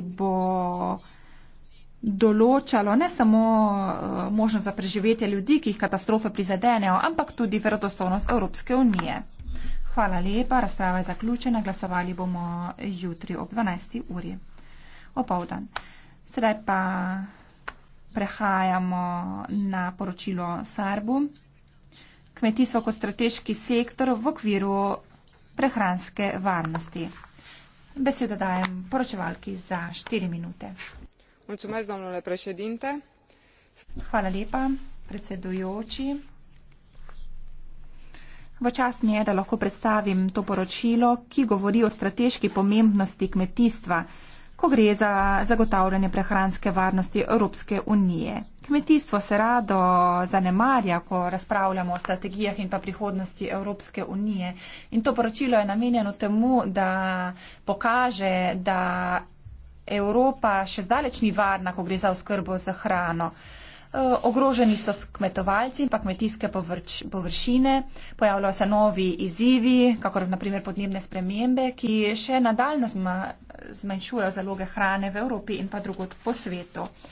bo določalo ne samo eh, možnost za preživetje ljudi, ki jih katastrofe prizadenejo, ampak tudi verodostovnost Evropske unije. Hvala lepa, razprava je zaključena, glasovali bomo jutri ob 12. uri. Opovdan. Sedaj pa prehajamo na poročilo Sarbu. Kmetijstvo kot strateški sektor v okviru prehranske varnosti. Besedo dajem poročevalki za 4 minute. Mulțumesc, domnule președinte. Hvala lepa, predsedujoči. V čast mi je, da lahko predstavim to poročilo, ki govori o strateški pomembnosti kmetijstva, ko gre za zagotavljanje prehranske varnosti Evropske unije. Kmetijstvo se rado zanemarja, ko razpravljamo o strategijah in pa prihodnosti Evropske unije. In to poročilo je namenjeno temu, da pokaže, da Evropa še zdaleč ni varna, ko gre za oskrbo z hrano. E, ogroženi so kmetovalci in pa kmetijske površ, površine, pojavljajo se novi izzivi, kakor naprimer podnebne spremembe, ki še nadaljno zma, zmanjšujejo zaloge hrane v Evropi in pa drugot po svetu. Uh,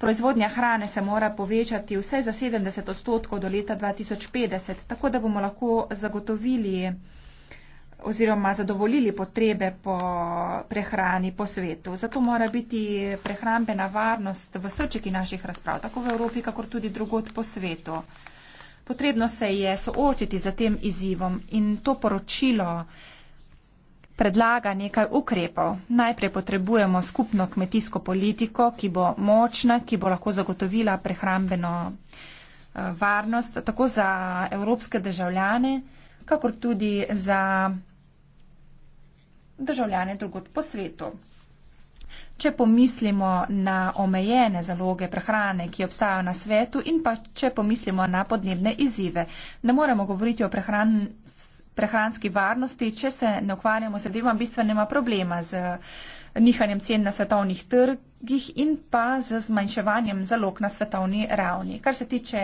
Proizvodnja hrane se mora povečati vse za 70 odstotkov do leta 2050, tako da bomo lahko zagotovili oziroma zadovoljili potrebe po prehrani po svetu. Zato mora biti prehrambena varnost v srčiki naših razprav, tako v Evropi, kakor tudi drugot po svetu. Potrebno se je soočiti za tem izzivom in to poročilo predlaga nekaj ukrepov. Najprej potrebujemo skupno kmetijsko politiko, ki bo močna, ki bo lahko zagotovila prehrambeno eh, varnost tako za evropske državljane, kakor tudi za državljane drugot po svetu. Če pomislimo na omejene zaloge prehrane, ki obstajajo na svetu in pa če pomislimo na podnebne izzive, ne moremo govoriti o prehranstvu prehranski varnosti, če se ne ukvarjamo s tem, bistvenima problema z eh, nihanjem cen na svetovnih trgih in pa z zmanjševanjem zalog na svetovni ravni. Kar se tiče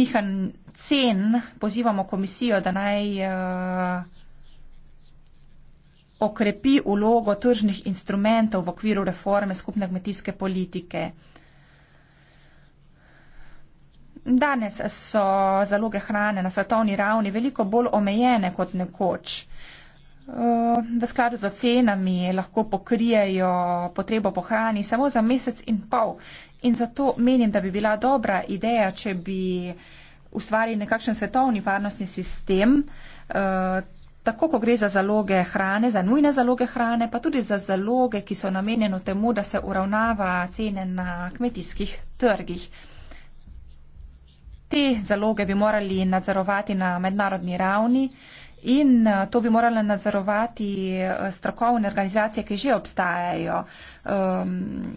nihanj cen, pozivamo komisijo, da naj eh, okrepi ulogo tržnih instrumentov v okviru reforme skupne kmetijske politike. Danes so zaloge hrane na svetovni ravni veliko bolj omejene kot nekoč. V skladu z ocenami lahko pokrijejo potrebo po hrani samo za mesec in pol. In zato menim, da bi bila dobra ideja, če bi ustvarili nekakšen svetovni varnostni sistem, eh, tako ko gre za zaloge hrane, za nujne zaloge hrane, pa tudi za zaloge, ki so namenjeno temu, da se uravnava cene na kmetijskih trgih te zaloge bi morali nadzorovati na mednarodni ravni in eh, to bi morale nadzorovati eh, strokovne organizacije, ki že obstajajo. Um, ehm,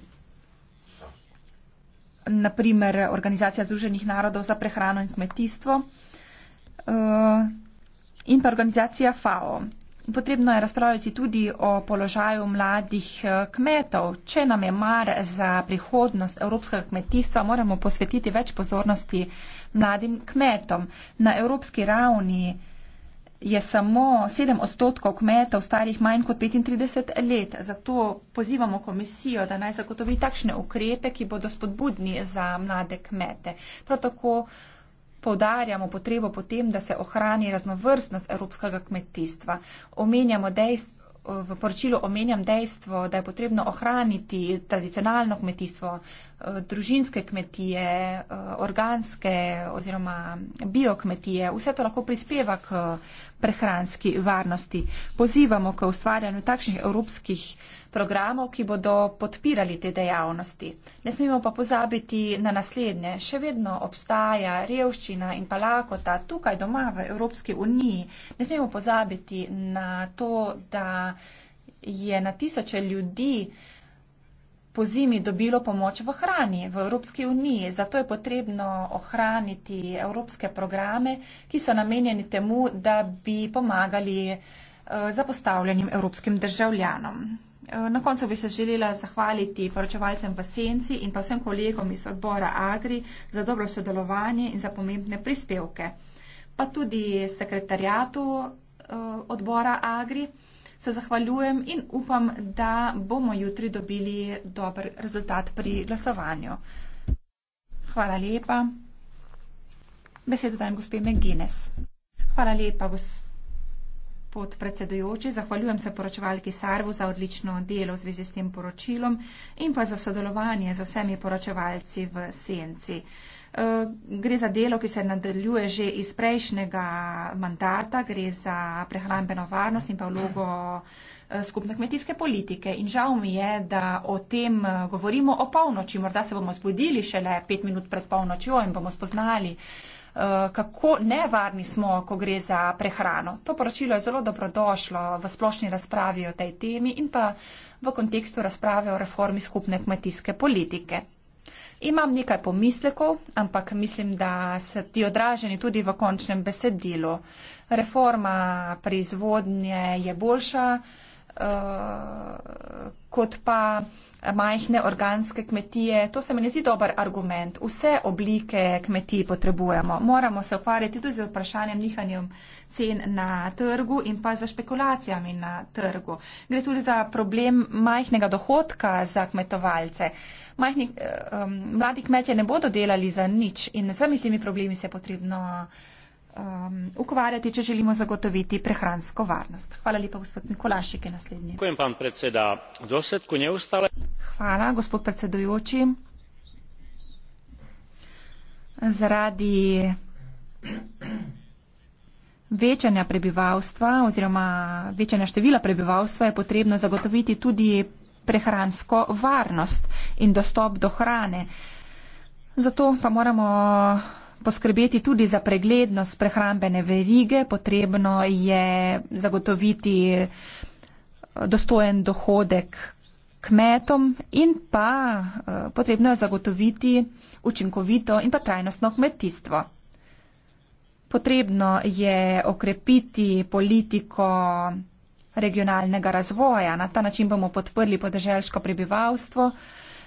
naprimer Organizacija Združenih narodov za prehrano in kmetijstvo uh, in pa organizacija FAO. Potrebno je razpravljati tudi o položaju mladih eh, kmetov. Če nam je mar za prihodnost evropskega kmetijstva, moramo posvetiti več pozornosti mladim kmetom. Na evropski ravni je samo 7 odstotkov kmetov starih manj kot 35 let. Zato pozivamo komisijo, da naj zagotovi takšne ukrepe, ki bodo spodbudni za mlade kmete. Prav tako Poudarjamo potrebo potem, da se ohrani raznovrstnost evropskega kmetijstva. Dejstvo, v poročilu omenjam dejstvo, da je potrebno ohraniti tradicionalno kmetijstvo, eh, družinske kmetije, eh, organske oziroma biokmetije. Vse to lahko prispeva k prehranski varnosti. Pozivamo k ustvarjanju takšnih evropskih programov, ki bodo podpirali te dejavnosti. Ne smemo pa pozabiti na naslednje. Še vedno obstaja revščina in pa lakota tukaj doma v Evropski uniji. Ne smemo pozabiti na to, da je na tisoče ljudi uh, po zimi dobilo pomoč v hrani v Evropski uniji. Zato je potrebno ohraniti evropske programe, ki so namenjeni temu, da bi pomagali eh, zapostavljenim evropskim državljanom. Eh, na koncu bi se želela zahvaliti poročevalcem v Senci in pa vsem kolegom iz odbora Agri za dobro sodelovanje in za pomembne prispevke. Pa tudi sekretarjatu eh, odbora Agri se zahvaljujem in upam, da bomo jutri dobili dober rezultat pri glasovanju. Hvala lepa. Besedo dajem gospe McGuinness. Hvala lepa, gospod podpredsedujoči, zahvaljujem se poročevalki Sarvu za odlično delo v zvezi s tem poročilom in pa za sodelovanje z vsemi poročevalci v Senci. Eh, gre za delo, ki se nadaljuje že iz prejšnjega mandata, gre za prehrambeno varnost in pa vlogo eh, skupne kmetijske politike. In žal mi je, da o tem eh, govorimo o polnoči. Morda se bomo zbudili šele pet minut pred polnočjo in bomo spoznali, Eh, kako nevarni smo, ko gre za prehrano. To poročilo je zelo dobrodošlo v splošni razpravi o tej temi in pa v kontekstu razprave o reformi skupne kmetijske politike. Imam nekaj pomislekov, ampak mislim, da so ti odraženi tudi v končnem besedilu. Reforma proizvodnje je boljša. Eh, kot pa majhne organske kmetije. To se mi ne zdi dober argument. Vse oblike kmetij potrebujemo. Moramo se ukvarjati tudi z vprašanjem nihanjem cen na trgu in pa za špekulacijami na trgu. Gre tudi za problem majhnega dohodka za kmetovalce. Majhni, um, mladi kmetje ne bodo delali za nič in z vsemi temi problemi se je potrebno uh, um, ukvarjati, če želimo zagotoviti prehransko varnost. Hvala lepa, gospod Mikolašik, je naslednji. Hvala, gospod predsedujoči. Hvala, gospod predsedujoči. Zaradi večanja prebivalstva oziroma večanja števila prebivalstva je potrebno zagotoviti tudi prehransko varnost in dostop do hrane. Zato pa moramo poskrbeti tudi za preglednost prehrambene verige, potrebno je zagotoviti eh, dostojen dohodek kmetom in pa eh, potrebno je zagotoviti učinkovito in pa trajnostno kmetijstvo. Potrebno je okrepiti politiko regionalnega razvoja. Na ta način bomo podprli podeželjsko prebivalstvo,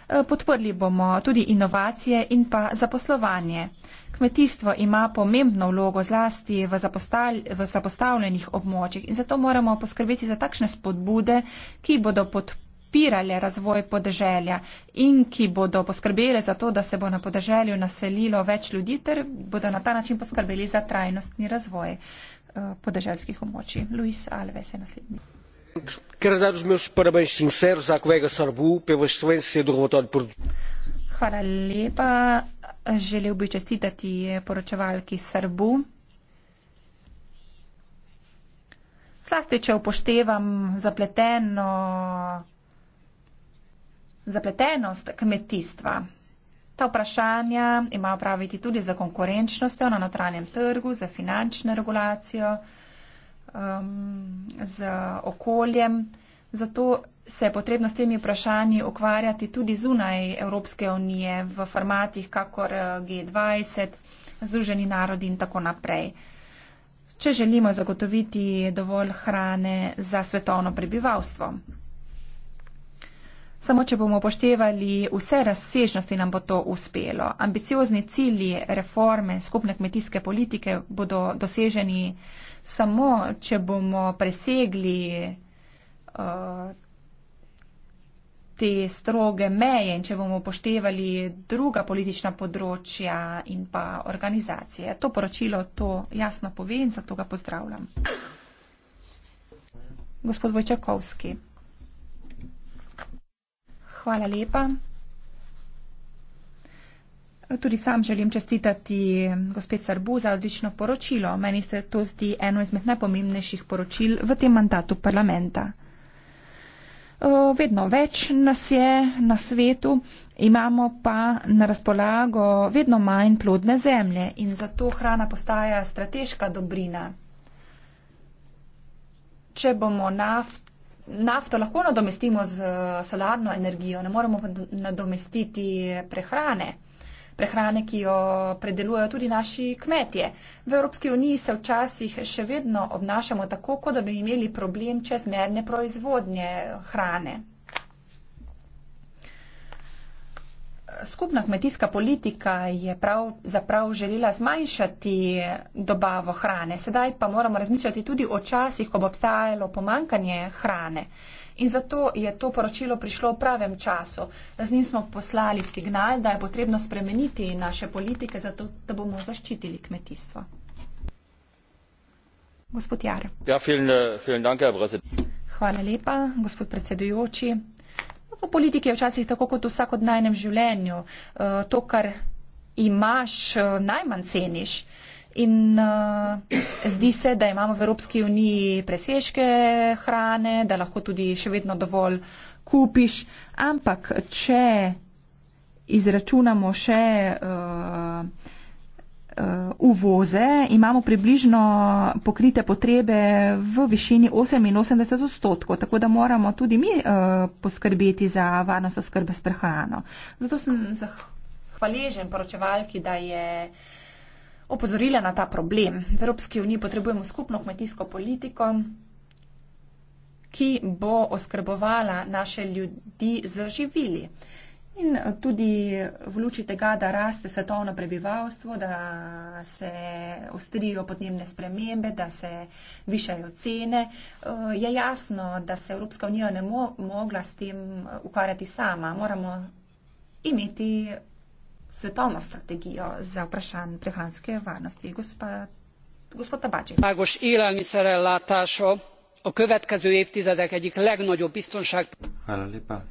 Eh, podprli bomo tudi inovacije in pa zaposlovanje. Kmetijstvo ima pomembno vlogo zlasti v, zapostal, v zapostavljenih območjih in zato moramo poskrbeti za takšne spodbude, ki bodo podpirale razvoj podeželja in ki bodo poskrbele za to, da se bo na podeželju naselilo več ljudi ter bodo na ta način poskrbeli za trajnostni razvoj eh, podeželskih območij. Luis Alves je naslednji quero dar os meus parabéns sinceros à colega Sorbu pela excelência do relatório produtivo. Hvala lepa. Želel bi čestitati poročevalki Srbu. Slasti, če upoštevam zapleteno, zapletenost kmetijstva. Ta vprašanja ima opraviti tudi za konkurenčnost na notranjem trgu, za finančno regulacijo um, z okoljem. Zato se je potrebno s temi vprašanji ukvarjati tudi zunaj Evropske unije v formatih, kakor eh, G20, Združeni narodi in tako naprej. Če želimo zagotoviti dovolj hrane za svetovno prebivalstvo. Samo če bomo poštevali vse razsežnosti, nam bo to uspelo. Ambiciozni cilji reforme skupne kmetijske politike bodo doseženi samo, če bomo presegli uh, te stroge meje in če bomo poštevali druga politična področja in pa organizacije. To poročilo to jasno pove in zato ga pozdravljam. Gospod Vojčakovski. Hvala lepa. Tudi sam želim čestitati gospe Sarbu za odlično poročilo. Meni se to zdi eno izmed najpomembnejših poročil v tem mandatu parlamenta. Vedno več nas je na svetu, imamo pa na razpolago vedno manj plodne zemlje in zato hrana postaja strateška dobrina. Če bomo naft nafto lahko nadomestimo z eh, solarno energijo, ne moremo nadomestiti prehrane. Prehrane, ki jo predelujejo tudi naši kmetje. V Evropski uniji se včasih še vedno obnašamo tako, kot da bi imeli problem čezmerne proizvodnje hrane. skupna kmetijska politika je pravzaprav želela zmanjšati dobavo hrane. Sedaj pa moramo razmišljati tudi o časih, ko bo obstajalo pomankanje hrane. In zato je to poročilo prišlo v pravem času. Z njim smo poslali signal, da je potrebno spremeniti naše politike, zato da bomo zaščitili kmetijstvo. Gospod Jar. Ja, vielen, vielen danke, Hvala lepa, gospod predsedujoči. V politiki je včasih tako kot v vsakodnevnem življenju, eh, to, kar imaš, eh, najmanj ceniš. In uh, zdi se, da imamo v Evropski uniji presežke hrane, da lahko tudi še vedno dovolj kupiš. Ampak, če izračunamo še uh, Uh, uvoze, imamo približno pokrite potrebe v višini 88 odstotkov, tako da moramo tudi mi uh, poskrbeti za varnost oskrbe s prehrano. Zato sem zahvaležen poročevalki, da je opozorila na ta problem. V Evropski uniji potrebujemo skupno kmetijsko politiko ki bo oskrbovala naše ljudi z živili. In tudi v luči tega, da raste svetovno prebivalstvo, da se ostrijo podnebne spremembe, da se višajo cene, eh, je jasno, da se Evropska unija ne bo mo mogla s tem eh, ukvarjati sama. Moramo imeti svetovno strategijo za vprašanj prehranske varnosti. Gospod Tabači. Tágos élelmiszerellátása a következő évtizedek egyik legnagyobb biztonság. Hvala lepa.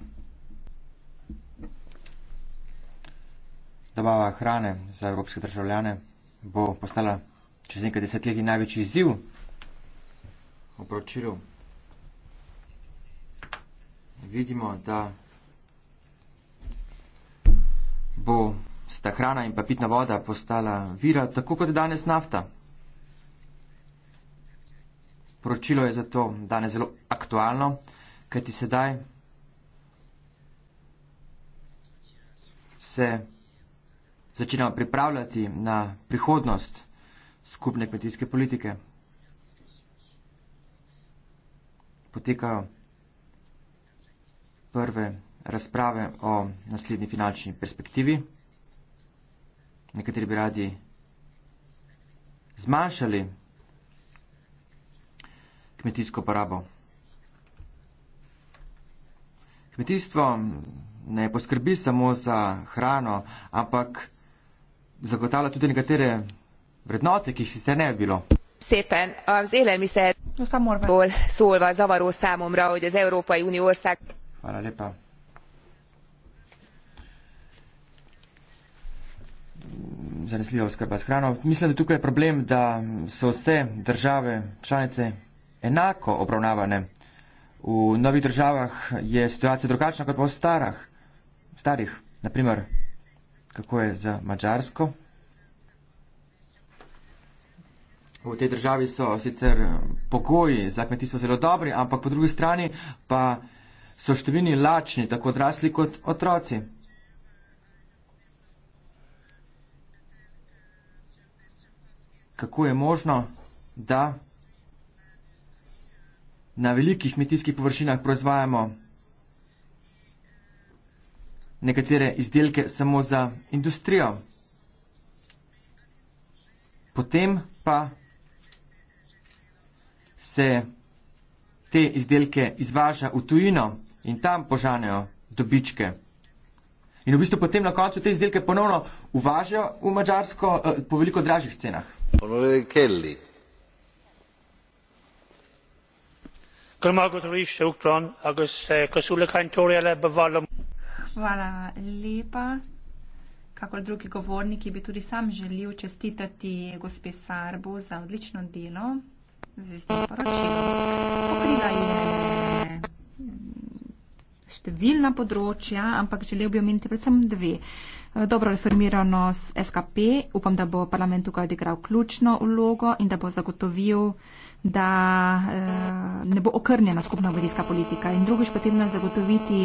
dobava hrane za evropske državljane bo postala čez nekaj desetletji največji izziv v pročiru. Vidimo, da bo sta hrana in pa pitna voda postala vira, tako kot je danes nafta. Poročilo je zato danes zelo aktualno, kajti sedaj se začnemo pripravljati na prihodnost skupne kmetijske politike. Potekajo prve razprave o naslednji finančni perspektivi. Nekateri bi radi zmanjšali kmetijsko porabo. Kmetijstvo ne poskrbi samo za hrano, ampak zagotavlja tudi nekatere vrednote, ki jih sicer ne bi bilo. Szépen, az élelmiszer ból szólva zavaró számomra, hogy az Európai Unió ország... Hvala lepa. Zanesljiva oskrba s hrano. Mislim, da tukaj je problem, da so vse države članice enako obravnavane. V novih državah je situacija drugačna kot v starah, starih. Naprimer, kako je za Mačarsko. V tej državi so sicer eh, pogoji za kmetijstvo zelo dobri, ampak po drugi strani pa so številni lačni, tako odrasli kot otroci. Kako je možno, da na velikih kmetijskih površinah proizvajamo nekatere izdelke samo za industrijo. Potem pa se te izdelke izvaža v tujino in tam požanejo dobičke. In v bistvu potem na koncu te izdelke ponovno uvažajo v Mačarsko eh, po veliko dražjih cenah. Kelly. Hvala lepa. Kakor drugi govorniki bi tudi sam želel čestitati gospe Sarbu za odlično delo z istim poročilom. Pokrila je mm, številna področja, ampak želel bi omeniti predvsem dve. Dobro reformirano SKP, upam, da bo parlament tukaj odigral ključno vlogo in da bo zagotovil, da eh, ne bo okrnjena skupna medijska politika. In drugič potrebno je zagotoviti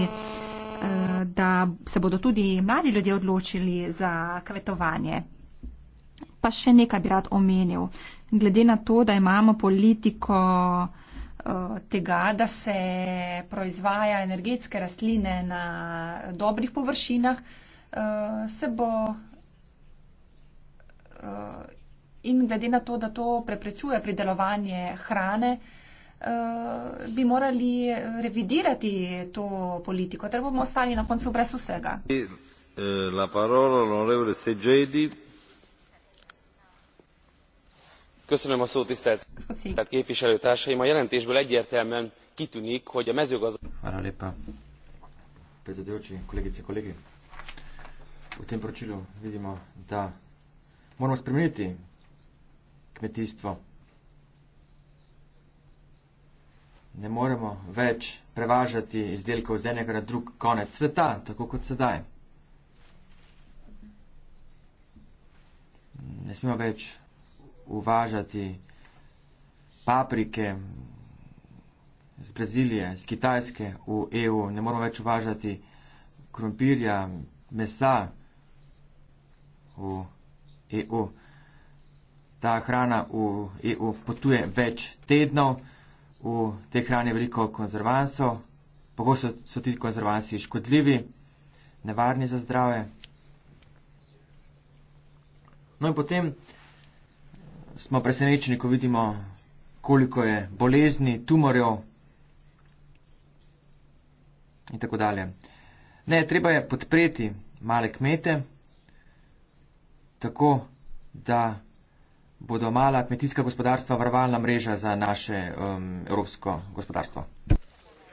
Eh, da se bodo tudi mladi ljudje odločili za kmetovanje. Pa še nekaj bi rad omenil. Glede na to, da imamo politiko eh, tega, da se proizvaja energetske rastline na dobrih površinah, eh, se bo in glede na to, da to preprečuje pridelovanje hrane, Eh, bi morali revidirati to politiko, ter bomo ostali na koncu brez vsega. E, eh, Köszönöm a szót, tisztelt Köszönöm. képviselőtársaim. A jelentésből egyértelműen kitűnik, hogy a mezőgazdaság. V tem poročilu vidimo, da moramo spremeniti kmetijstvo. ne moremo več prevažati izdelkov z enega na drug konec sveta, tako kot sedaj. Ne smemo več uvažati paprike z Brazilije, z Kitajske v EU, ne moremo več uvažati krompirja, mesa v EU. Ta hrana v EU potuje več tednov v tej hrani veliko konzervansov, pogosto so ti konzervansi škodljivi, nevarni za zdrave. No in potem smo presenečeni, ko vidimo, koliko je bolezni, tumorjev in tako dalje. Ne, treba je podpreti male kmete, tako da bodo mala kmetijska gospodarstva varovalna mreža za naše um, evropsko gospodarstvo?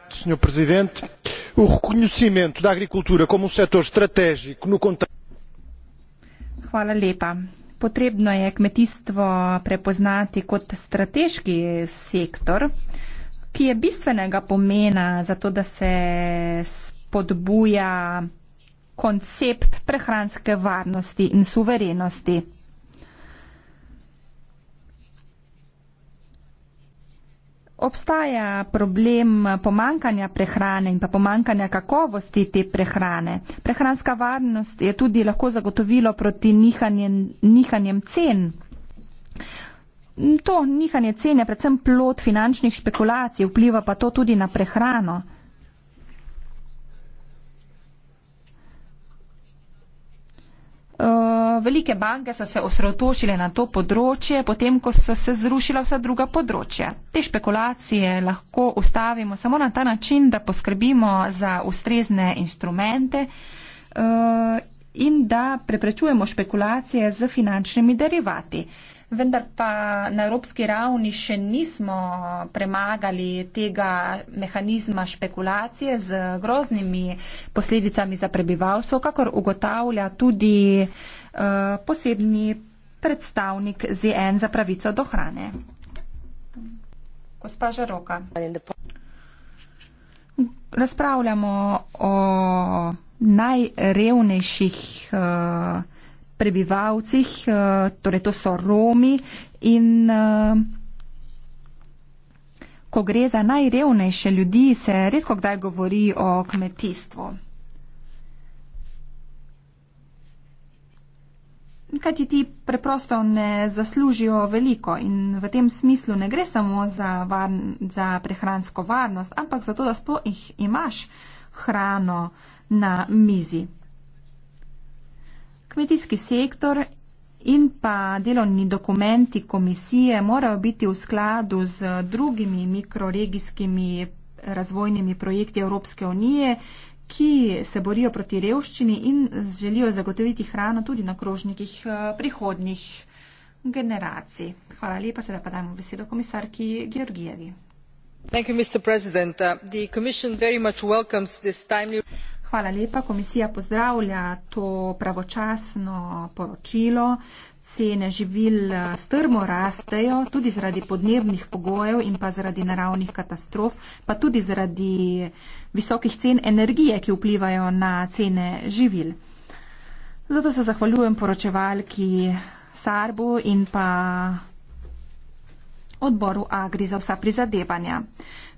Senhor Presidente, o reconhecimento da agricultura como um setor estratégico no contexto. Potrebno je kmetijstvo prepoznati kot strateški sektor, ki je bistvenega pomena za to, da se spodbuja koncept prehranske varnosti in suverenosti. obstaja problem pomankanja prehrane in pa pomankanja kakovosti te prehrane. Prehranska varnost je tudi lahko zagotovilo proti nihanjem, nihanjem cen. To nihanje cen je predvsem plot finančnih špekulacij, vpliva pa to tudi na prehrano. Eh, velike banke so se osredotočile na to področje, potem ko so se zrušila vsa druga področja. Te špekulacije lahko ustavimo samo na ta način, da poskrbimo za ustrezne instrumente eh, in da preprečujemo špekulacije z finančnimi derivati. Vendar pa na evropski ravni še nismo premagali tega mehanizma špekulacije z groznimi posledicami za prebivalstvo, kakor ugotavlja tudi uh, posebni predstavnik ZN za pravico do hrane. Gospa Žaroka razpravljamo o najrevnejših eh, prebivalcih, eh, torej to so Romi in eh, ko gre za najrevnejše ljudi, se redko kdaj govori o kmetijstvu. kaj ti ti preprosto ne zaslužijo veliko in v tem smislu ne gre samo za, varn, za prehransko varnost, ampak za to, da sploh jih imaš hrano na mizi. Kmetijski sektor in pa delovni dokumenti komisije morajo biti v skladu z drugimi mikroregijskimi razvojnimi projekti Evropske unije, ki se borijo proti revščini in želijo zagotoviti hrano tudi na krožnikih eh, prihodnih generacij. Hvala lepa, sedaj pa dajmo besedo komisarki Georgijevi. Thank you, Mr. President. Uh, the Commission very much welcomes this timely Hvala lepa. Komisija pozdravlja to pravočasno poročilo. Cene živil eh, strmo rastejo tudi zaradi podnebnih pogojev in pa zaradi naravnih katastrof, pa tudi zaradi visokih cen energije, ki vplivajo na cene živil. Zato se zahvaljujem poročevalki Sarbu in pa odboru Agri za vsa prizadevanja.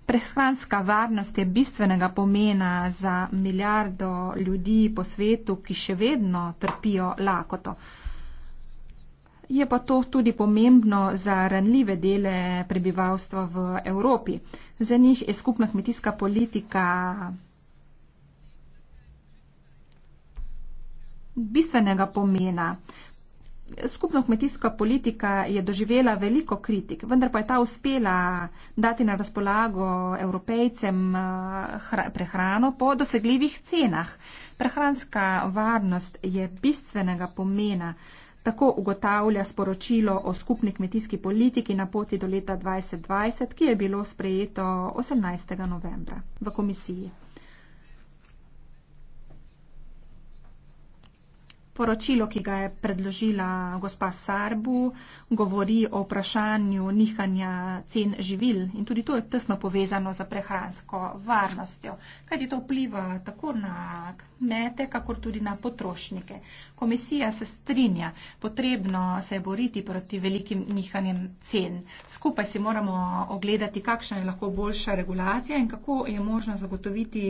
Prehranska varnost je bistvenega pomena za milijardo ljudi po svetu, ki še vedno trpijo lakoto. Je pa to tudi pomembno za ranljive dele prebivalstva v Evropi. Za njih je skupna kmetijska politika bistvenega pomena skupna kmetijska politika je doživela veliko kritik, vendar pa je ta uspela dati na razpolago evropejcem eh, prehrano po dosegljivih cenah. Prehranska varnost je bistvenega pomena, tako ugotavlja sporočilo o skupni kmetijski politiki na poti do leta 2020, ki je bilo sprejeto 18. novembra v komisiji. Poročilo, ki ga je predložila gospa Sarbu, govori o vprašanju nihanja cen živil in tudi to je tesno povezano za prehransko varnostjo, kajti to vpliva tako na kmete, kakor tudi na potrošnike. Komisija se strinja, potrebno se je boriti proti velikim nihanjem cen. Skupaj si moramo ogledati, kakšna je lahko boljša regulacija in kako je možno zagotoviti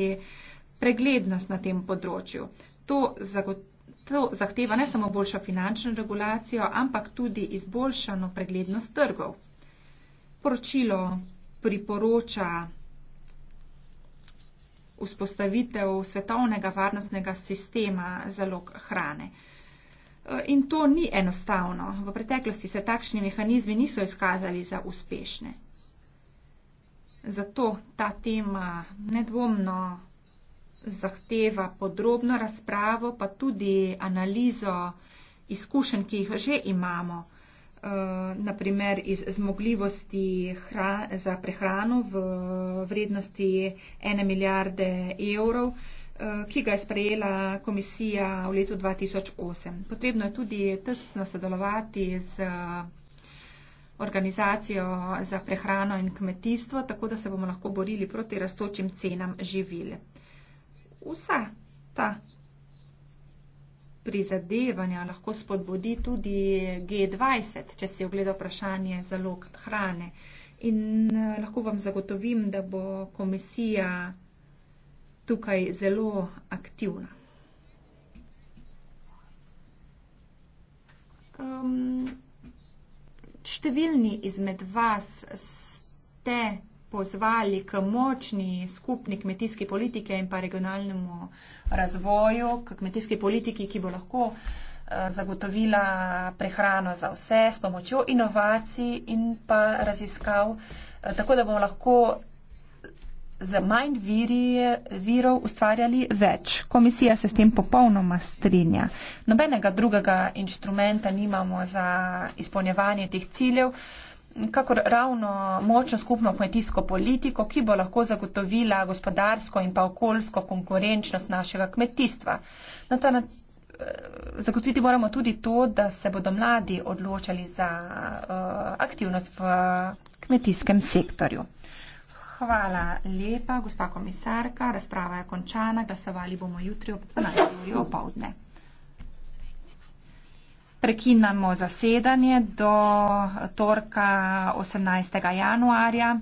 preglednost na tem področju. To zagotovimo. To zahteva ne samo boljšo finančno regulacijo, ampak tudi izboljšano preglednost trgov. Poročilo priporoča vzpostavitev svetovnega varnostnega sistema zalog hrane. In to ni enostavno. V preteklosti se takšni mehanizmi niso izkazali za uspešne. Zato ta tema nedvomno zahteva podrobno razpravo, pa tudi analizo izkušenj, ki jih že imamo, eh, naprimer iz zmogljivosti za prehrano v vrednosti ene milijarde evrov, eh, ki ga je sprejela komisija v letu 2008. Potrebno je tudi tesno sodelovati z eh, organizacijo za prehrano in kmetijstvo, tako da se bomo lahko borili proti rastočim cenam živile vse. Ta prizadevanja lahko spodbudi tudi G20, če si ogleda vprašanje zalog hrane. In eh, lahko vam zagotovim, da bo komisija tukaj zelo aktivna. Um, številni izmed vas ste pozvali k močni skupni kmetijski politike in pa regionalnemu razvoju, k kmetijski politiki, ki bo lahko eh, zagotovila prehrano za vse s pomočjo inovacij in pa raziskav, eh, tako da bomo lahko z manj viri, virov ustvarjali več. Komisija se s tem popolnoma strinja. Nobenega drugega inštrumenta nimamo za izpolnjevanje teh ciljev kakor ravno močno skupno kmetijsko politiko, ki bo lahko zagotovila gospodarsko in pa okoljsko konkurenčnost našega kmetijstva. Na ta, na, eh, zagotoviti moramo tudi to, da se bodo mladi odločali za uh, aktivnost v kmetijskem sektorju. Hvala lepa, gospa komisarka. Razprava je končana. Glasovali bomo jutri ob 12. uri opovdne prekinjamo zasedanje do torka 18. januarja.